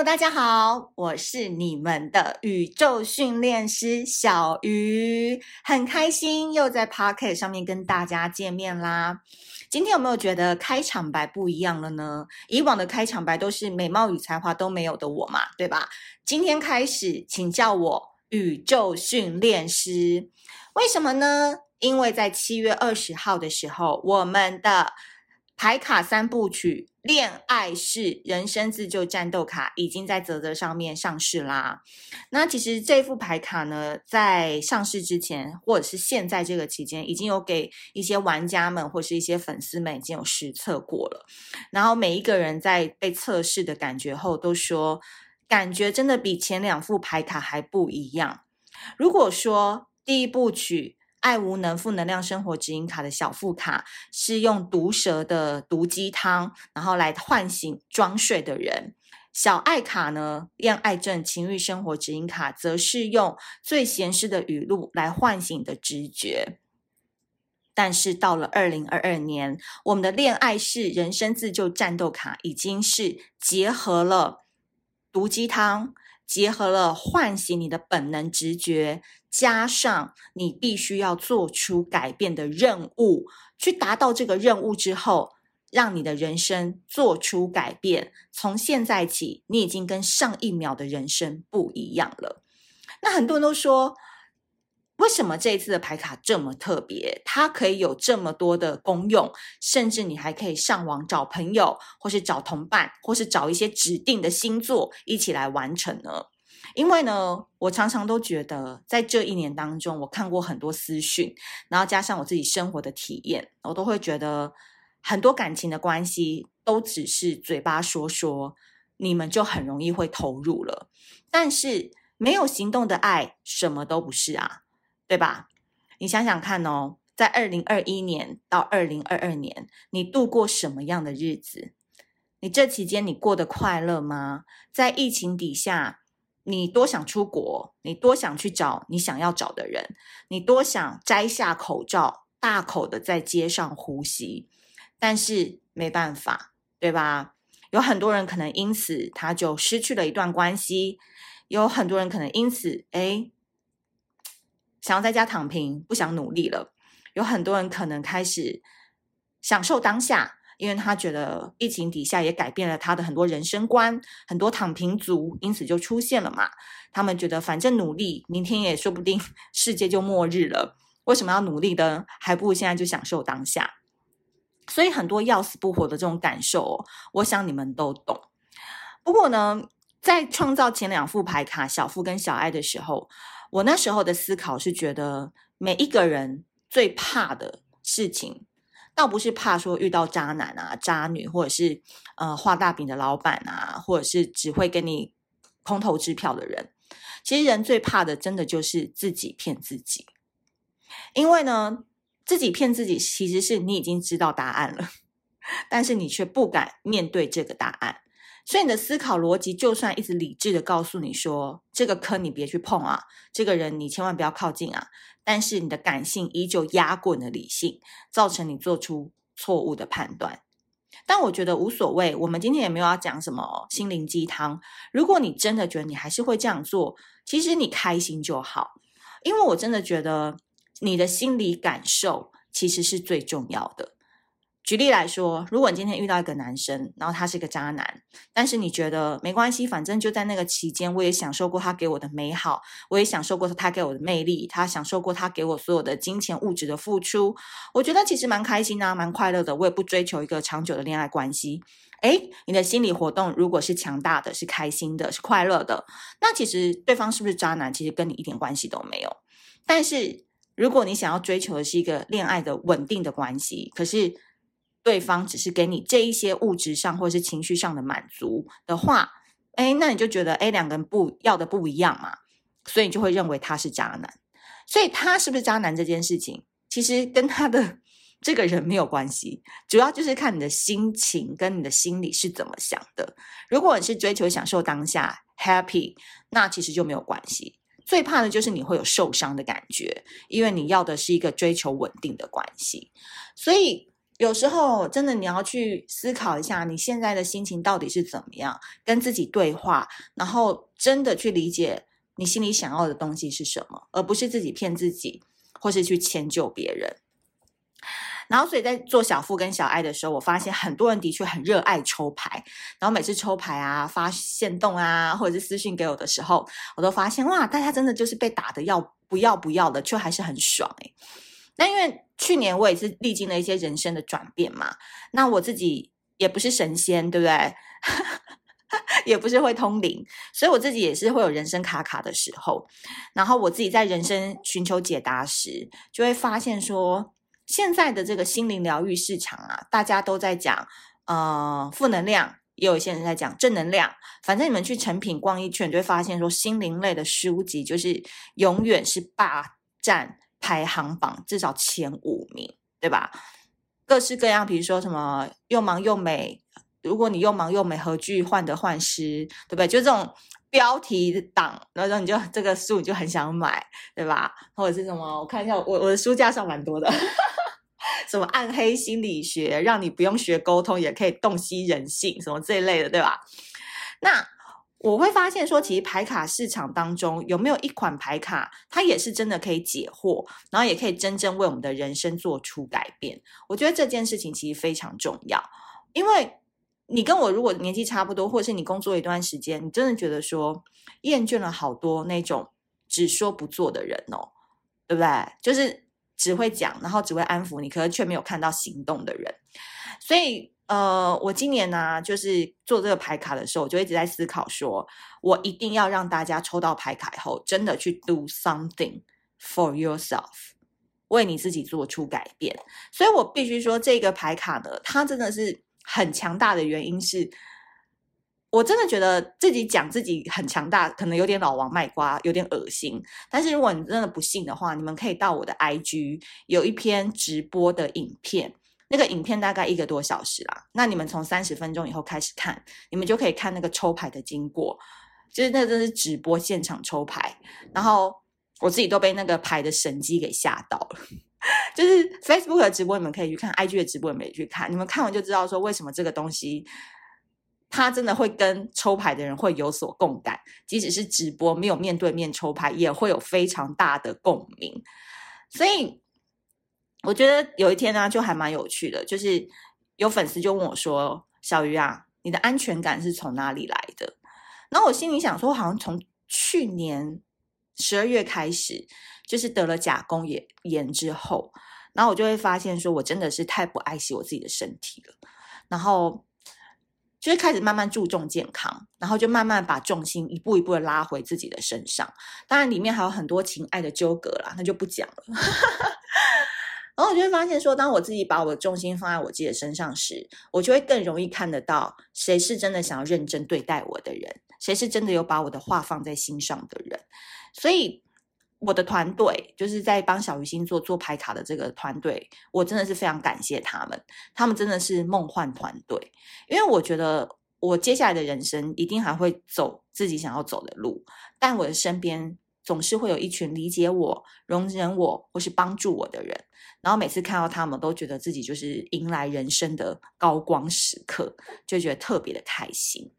Hello, 大家好，我是你們的宇宙訓練師小魚，很開心又在 Podcast 上面跟大家見面啦。今天有沒有覺得開場白不一樣了呢？以往的開場白都是美貌與才華都沒有的我嘛，對吧？今天開始，請叫我宇宙訓練師。為什麼呢？因為在七月二十號的時候，我們的牌卡三部曲。練愛士人生自救戰鬥卡已經在嘖嘖上面上市啦、啊。那其實這副牌卡呢，在上市之前或者是現在這個期間，已經有給一些玩家們或是一些粉絲們已經有實測過了。然後每一個人在被測試的感覺後都說，感覺真的比前兩副牌卡還不一樣。如果說第一部曲。愛無能、負能量生活指引卡的小副卡是用毒舌的毒雞湯，然後來喚醒裝睡的人。小愛卡呢，戀愛症情欲生活指引卡，則是用最閒適的語錄來喚醒的直覺。但是到了二零二二年，我們的練愛士人生自救戰鬥卡已經是結合了毒雞湯。結合了喚醒你的本能直覺，加上你必須要做出改變的任務，去達到這個任務之後，讓你的人生做出改變，從現在起，你已經跟上一秒的人生不一樣了。那很多人都說，為什麼這一次的牌卡這麼特別？它可以有這麼多的功用，甚至你還可以上網找朋友，或是找同伴，或是找一些指定的星座一起來完成呢？因為呢，我常常都覺得，在這一年當中，我看過很多私訊，然後加上我自己生活的體驗，我都會覺得很多感情的關係都只是嘴巴說說，你們就很容易會投入了。但是沒有行動的愛，什麼都不是啊。對吧？你想想看哦，在二零二一年到二零二二年，你度過什麼樣的日子？你這期間你過得快樂嗎？在疫情底下，你多想出國，你多想去找你想要找的人，你多想摘下口罩，大口的在街上呼吸，但是沒辦法，對吧？有很多人可能因此他就失去了一段關係，有很多人可能因此，誒。想要在家躺平，不想努力了。有很多人可能開始享受當下，因為他覺得疫情底下也改變了他的很多人生觀，很多躺平族因此就出現了嘛。他們覺得反正努力，明天也說不定世界就末日了，為什麼要努力呢？還不如現在就享受當下。所以很多要死不活的這種感受哦，我想你們都懂。不過呢，在創造前兩副牌卡，小富跟小愛的時候。我那時候的思考是，覺得每一個人最怕的事情，倒不是怕說遇到渣男啊、渣女，或者是呃畫大餅的老板啊，或者是只會給你空頭支票的人。其實人最怕的，真的就是自己騙自己。因為呢，自己騙自己，其實是你已經知道答案了，但是你卻不敢面對這個答案。所以你的思考邏輯，就算一直理智的告訴你說，這個坑你別去碰啊，這個人你千萬不要靠近啊，但是你的感性依舊壓過你的理性，造成你做出錯誤的判斷。但我覺得無所謂，我們今天也沒有要講什麼、哦、心靈雞湯。如果你真的覺得你還是會這樣做，其實你開心就好，因為我真的覺得你的心理感受其實是最重要的。舉例來說，如果你今天遇到一個男生，然後他是一個渣男，但是你覺得沒關係，反正就在那個期間，我也享受過他給我的美好，我也享受過他給我的魅力，他享受過他給我所有的金錢物質的付出，我覺得其實蠻開心吶，蠻快樂的。我也不追求一個長久的戀愛關係。誒，你的心理活動如果是強大的，是開心的，是快樂的，那其實對方是不是渣男，其實跟你一點關係都沒有。但是如果你想要追求的是一個戀愛的穩定的關係，可是，對方只是給你這一些物質上或者是情緒上的滿足的話，哎，那你就覺得哎，兩個人不要的不一樣嘛，所以你就會認為他是渣男。所以他是不是渣男這件事情，其實跟他的這個人沒有關係，主要就是看你的心情跟你的心裡是怎麼想的。如果你是追求享受當下，happy，那其實就沒有關係。最怕的就是你會有受傷的感覺，因為你要的是一個追求穩定的關係，所以。有時候真的，你要去思考一下你現在的心情到底是怎麼樣，跟自己對話，然後真的去理解你心裡想要的東西是什麼，而不是自己騙自己，或是去遷就別人。然後，所以在做小富跟小愛的時候，我發現很多人的確很熱愛抽牌，然後每次抽牌啊、發現動啊，或者是私訊給我的時候，我都發現哇，大家真的就是被打得要不要不要的，卻還是很爽誒、欸那因為去年我也是歷經了一些人生的轉變嘛，那我自己也不是神仙，對不對？ 也不是會通靈，所以我自己也是會有人生卡卡的時候。然後我自己在人生尋求解答時，就會發現說，現在的這個心靈療癒市場啊，大家都在講呃負能量，也有一些人在講正能量。反正你們去誠品逛一圈，就會發現說，心靈類的書籍就是永遠是霸占。排行榜至少前五名，對吧？各式各樣，比如說什麼“又忙又美”，如果你又忙又美，何懼患得患失，對不對？就這種標題黨，然後你就這個書你就很想買，對吧？或者是什麼？我看一下，我我的書架上蠻多的， 什麼暗黑心理學，讓你不用學溝通也可以洞悉人性，什麼這一類的，對吧？那。我會發現說，其實牌卡市場當中有沒有一款牌卡，它也是真的可以解惑，然後也可以真正為我們的人生做出改變。我覺得這件事情其實非常重要，因為你跟我如果年紀差不多，或者是你工作一段時間，你真的覺得說厭倦了好多那種只說不做的人哦，對不對？就是只會講，然後只會安撫你，可是卻沒有看到行動的人。所以。呃，我今年呢，啊，就是做這個牌卡的時候，我就一直在思考說，說我一定要讓大家抽到牌卡以後，真的去 do something for yourself，為你自己做出改變。所以我必須說，這個牌卡呢，它真的是很強大的原因是，是我真的覺得自己講自己很強大，可能有點老王賣瓜，有點惡心。但是如果你真的不信的話，你們可以到我的 IG 有一篇直播的影片。那個影片大概一個多小時啦，那你們從三十分鐘以後開始看，你們就可以看那個抽牌的經過，就是那真是直播現場抽牌，然後我自己都被那個牌的神機給嚇到了， 就是 Facebook 的直播你們可以去看，IG 的直播你們也去看，你們看完就知道說為什麼這個東西，它真的會跟抽牌的人會有所共感，即使是直播沒有面對面抽牌，也會有非常大的共鳴，所以。我覺得有一天呢、啊，就還蠻有趣的，就是有粉絲就問我說：“小魚啊，你的安全感是從哪裡來的？”那我心裡想說，好像從去年十二月開始，就是得了甲功炎炎之後，然後我就會發現說，我真的是太不愛惜我自己的身體了，然後就是開始慢慢注重健康，然後就慢慢把重心一步一步的拉回自己的身上。當然，裡面還有很多情愛的糾葛啦，那就不講了。 然後我就會發現，說，當我自己把我的重心放在我自己的身上時，我就會更容易看得到誰是真的想要認真對待我的人，誰是真的有把我的話放在心上的人。所以我的團隊，就是在幫小魚星座做牌卡的這個團隊，我真的是非常感謝他們，他們真的是夢幻團隊。因為我覺得我接下來的人生一定還會走自己想要走的路，但我的身邊。總是會有一群理解我、容忍我或是幫助我的人，然後每次看到他們都覺得自己就是迎來人生的高光時刻，就覺得特別的開心。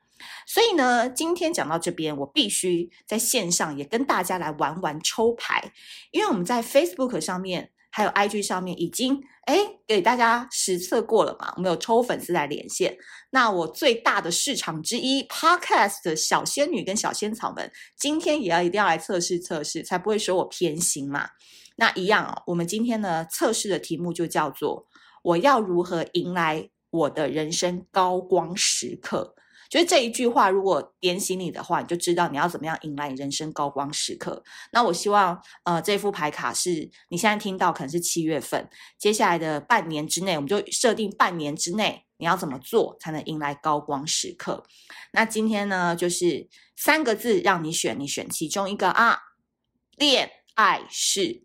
所以呢，今天講到這邊，我必須在線上也跟大家來玩玩抽牌，因為我們在 Facebook 上面還有 IG 上面已經。哎，給大家實測過了嘛？我們有抽粉絲來連線。那我最大的市場之一，Podcast 的小仙女跟小仙草們，今天也要一定要來測試測試，才不會說我偏心嘛。那一樣哦，我們今天呢，測試的題目就叫做：我要如何迎來我的人生高光時刻？就是這一句話，如果點醒你的話，你就知道你要怎麼樣迎來人生高光時刻。那我希望，呃，這一副牌卡是你現在聽到，可能是七月份，接下來的半年之內，我們就設定半年之內你要怎麼做才能迎來高光時刻。那今天呢，就是三個字讓你選，你選其中一個啊。戀愛士。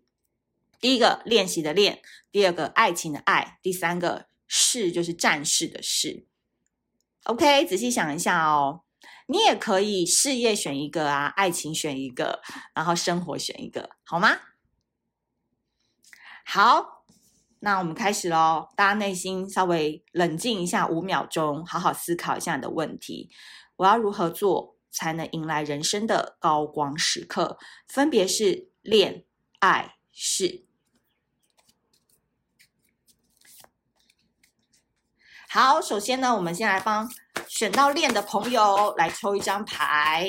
第一個練習的練，第二個愛情的愛，第三個士，就是戰士的士。OK，仔細想一下哦，你也可以事業選一個啊，愛情選一個，然後生活選一個，好嗎？好，那我們開始嘍。大家內心稍微冷靜一下五秒鐘，好好思考一下你的問題：我要如何做才能迎來人生的高光時刻？分別是戀愛事。好,首先呢，我們先來幫選到練的朋友來抽一張牌，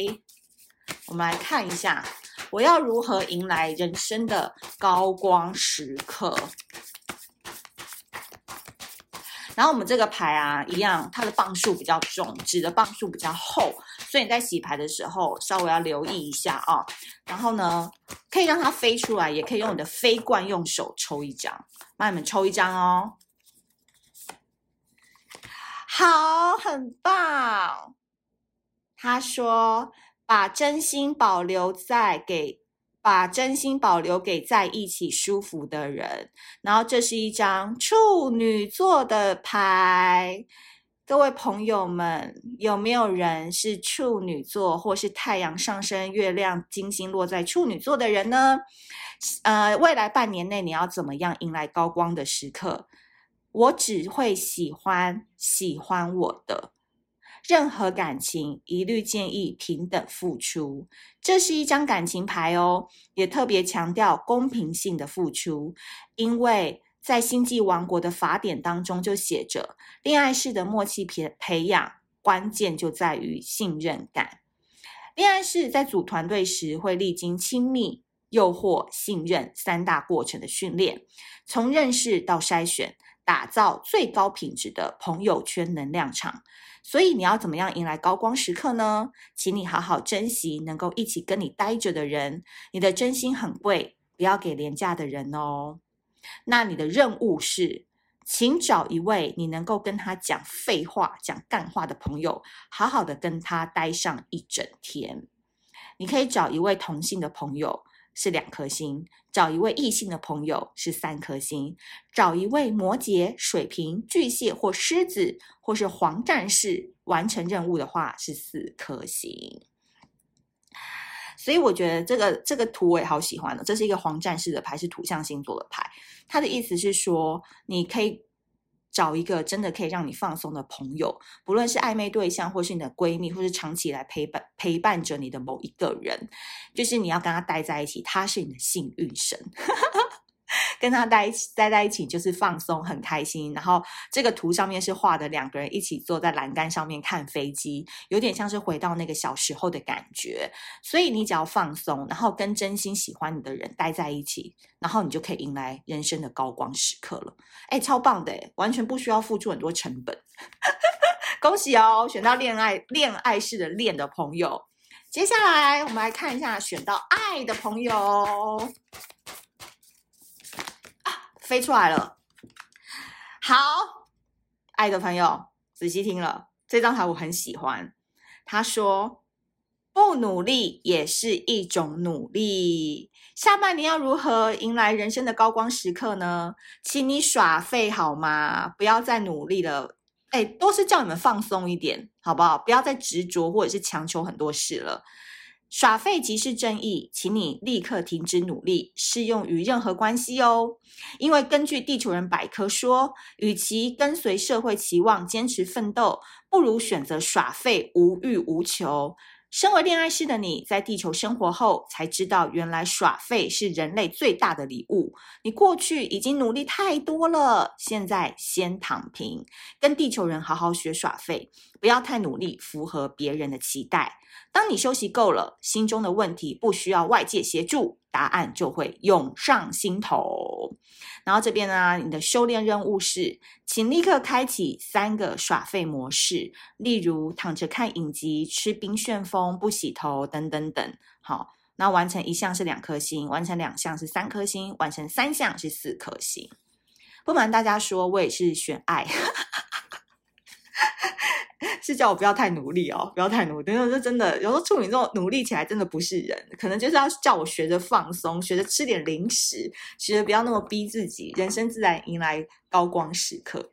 我們來看一下，我要如何迎來人生的高光時刻。然後我們這個牌啊，一樣，它的磅數比較重，紙的磅數比較厚，所以你在洗牌的時候稍微要留意一下啊。然後呢，可以讓它飛出來，也可以用你的非慣用手抽一張，幫你們抽一張哦。好，很棒。他說：“把真心保留在給，把真心保留給在一起舒服的人。”然後，這是一張處女座的牌。各位朋友們，有沒有人是處女座，或是太陽上升、月亮、金星落在處女座的人呢？呃，未來半年內，你要怎麼樣迎來高光的時刻？我只會喜歡，喜歡我的。任何感情，一律建議平等付出。這是一張感情牌哦，也特別強調公平性的付出，因為在星際王國的法典當中就寫着，練愛士的默契培培養關鍵就在於信任感。練愛士在組團隊時會歷經親密、誘惑、信任三大過程的訓練，從認識到篩選。打造最高品質的朋友圈能量場，所以你要怎麼樣迎來高光時刻呢？請你好好珍惜能夠一起跟你待着的人，你的真心很貴，不要給廉價的人哦。那你的任務是，請找一位你能夠跟他講廢話、講幹話的朋友，好好的跟他待上一整天。你可以找一位同性的朋友。是兩顆星，找一位異性的朋友是三顆星，找一位摩羯、水瓶、巨蟹或獅子，或是黃戰士完成任務的話是四顆星。所以我覺得這個這個圖我也好喜歡的，這是一個黃戰士的牌，是土象星座的牌。它的意思是說，你可以。找一個真的可以讓你放鬆的朋友，不論是曖昧對象，或是你的閨蜜，或是長期來陪伴陪伴着你的某一個人，就是你要跟他待在一起，他是你的幸運神。 跟他待一起，待在一起就是放鬆，很開心。然後這個圖上面是畫的兩個人一起坐在欄杆上面看飛機，有點像是回到那個小時候的感覺。所以你只要放鬆，然後跟真心喜歡你的人待在一起，然後你就可以迎來人生的高光時刻了。誒，超棒的誒，完全不需要付出很多成本。 恭喜哦，選到練愛練愛士的練的朋友。接下來我們來看一下選到愛的朋友。飛出來了，好，愛的朋友仔細聽了，這張牌我很喜歡。他說：“不努力也是一種努力。”下半年要如何迎來人生的高光時刻呢？請你耍廢好嗎？不要再努力了，誒、欸、都是叫你們放鬆一點，好不好？不要再執着或者是強求很多事了。耍廢即是正義，請你立刻停止努力，適用於任何關係哦。因為根據地球人百科說，與其跟隨社會期望堅持奮鬥，不如選擇耍廢，無欲無求。身為練愛士的你，在地球生活後才知道，原來耍廢是人類最大的禮物。你過去已經努力太多了，現在先躺平，跟地球人好好學耍廢，不要太努力，符合別人的期待。當你休息夠了，心中的問題不需要外界協助。答案就會湧上心頭。然後這邊呢、啊，你的修煉任務是，請立刻開啟三個耍廢模式，例如躺着看影集、吃冰旋風、不洗頭等等等。好，那完成一項是兩顆星，完成兩項是三顆星，完成三項是四顆星。不瞞大家說，我也是選愛。 是叫我不要太努力哦，不要太努力，因為這真的有時候處女座努力起來真的不是人，可能就是要叫我學着放鬆，學着吃點零食，學着不要那麼逼自己，人生自然迎來高光時刻，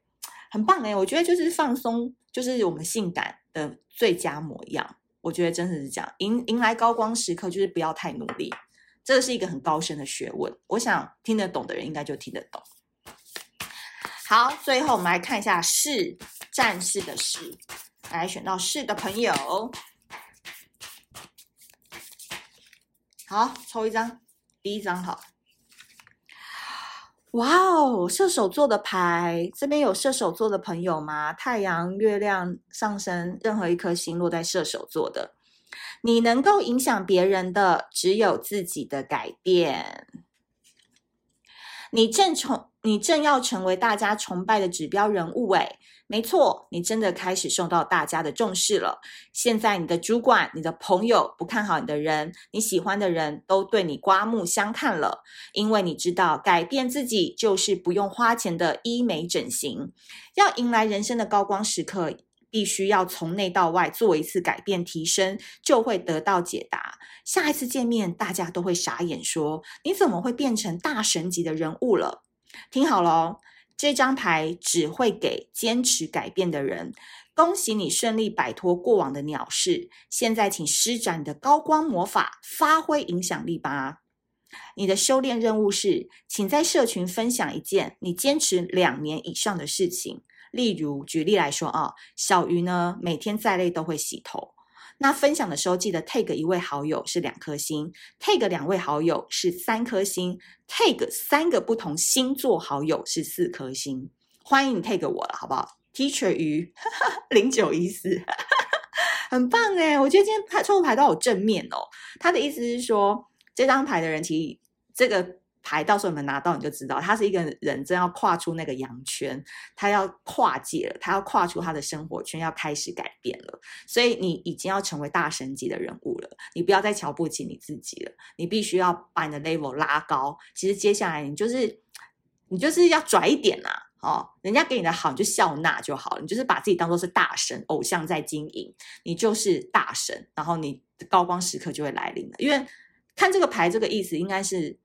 很棒哎、欸！我覺得就是放鬆，就是我們性感的最佳模樣，我覺得真的是這樣，迎迎來高光時刻就是不要太努力，這是一個很高深的學問，我想聽得懂的人應該就聽得懂。好，最後我們來看一下是。戰士的士，來選到士的朋友，好，抽一張，第一張，好，哇哦，射手座的牌，這邊有射手座的朋友嗎？太陽、月亮上升，任何一顆星落在射手座的，你能夠影響別人的，只有自己的改變。你正從，你正要成為大家崇拜的指標人物誒，沒錯，你真的開始受到大家的重視了。現在你的主管、你的朋友、不看好你的人、你喜歡的人都對你刮目相看了，因為你知道改變自己就是不用花錢的醫美整形，要迎來人生的高光時刻，必須要從內到外做一次改變提升，就會得到解答。下一次見面，大家都會傻眼，說你怎麼會變成大神級的人物了？聽好嘍，這張牌只會給堅持改變的人。恭喜你順利擺脫過往的鳥事，現在請施展你的高光魔法，發揮影響力吧。你的修煉任務是，請在社群分享一件你堅持兩年以上的事情。例如，舉例來說啊、哦，小魚呢每天再累都會洗頭。那分享的時候記得 tag 一位好友是兩顆星，tag 兩位好友是三顆星，tag 三個不同星座好友是四顆星。歡迎你 tag 我了，好不好？Teacher 魚哈哈，零九一四，哈哈，很棒哎！我覺得今天抽的牌都有正面哦。他的意思是說，這張牌的人其實這個。牌，到時候你們拿到你就知道，他是一個人正要跨出那個羊圈，他要跨界了，他要跨出他的生活圈，要開始改變了。所以你已經要成為大神級的人物了，你不要再瞧不起你自己了，你必須要把你的 level 拉高。其實接下來你就是你就是要拽一點啦，啊，哦，人家給你的好你就笑納就好了，你就是把自己當做是大神，偶像在經營，你就是大神，然後你的高光時刻就會來臨了。因為看這個牌，這個意思應該是。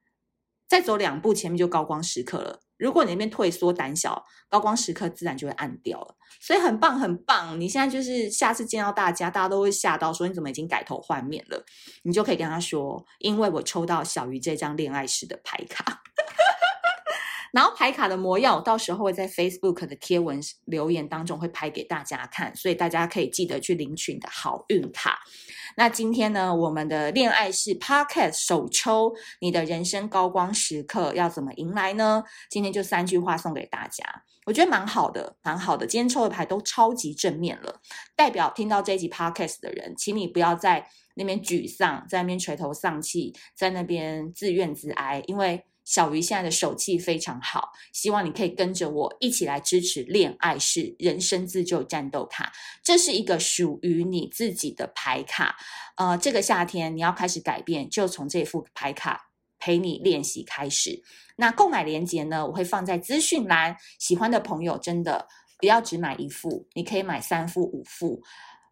再走兩步，前面就高光時刻了。如果你那邊退縮膽小，高光時刻自然就會暗掉了。所以很棒很棒，你現在就是下次見到大家，大家都會嚇到說你怎麼已經改頭換面了？你就可以跟他說，因為我抽到小魚這張練愛士的牌卡。然後牌卡的模樣，我到時候會在 Facebook 的貼文留言當中會拍給大家看，所以大家可以記得去領取你的好運卡。那今天呢，我們的練愛士 Podcast 首抽，你的人生高光時刻要怎麼迎來呢？今天就三句話送給大家，我覺得蠻好的，蠻好的。今天抽的牌都超級正面了，代表聽到這一集 Podcast 的人，請你不要在那邊沮喪，在那邊垂頭喪氣，在那邊自怨自哀，因為，小魚現在的手氣非常好，希望你可以跟着我一起來支持練愛士人生自救戰鬥卡，這是一個屬於你自己的牌卡。呃，這個夏天你要開始改變，就從這副牌卡陪你練習開始。那購買連結呢，我會放在資訊欄。喜歡的朋友真的不要只買一副，你可以買三副、五副。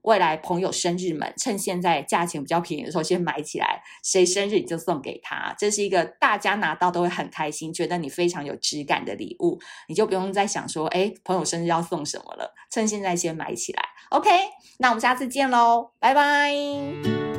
未來朋友生日們，趁現在價錢比較便宜的時候先買起來，誰生日你就送給他，這是一個大家拿到都會很開心，覺得你非常有質感的禮物，你就不用再想說，誒，朋友生日要送什麼了，趁現在先買起來。OK，那我們下次見嘍，拜拜。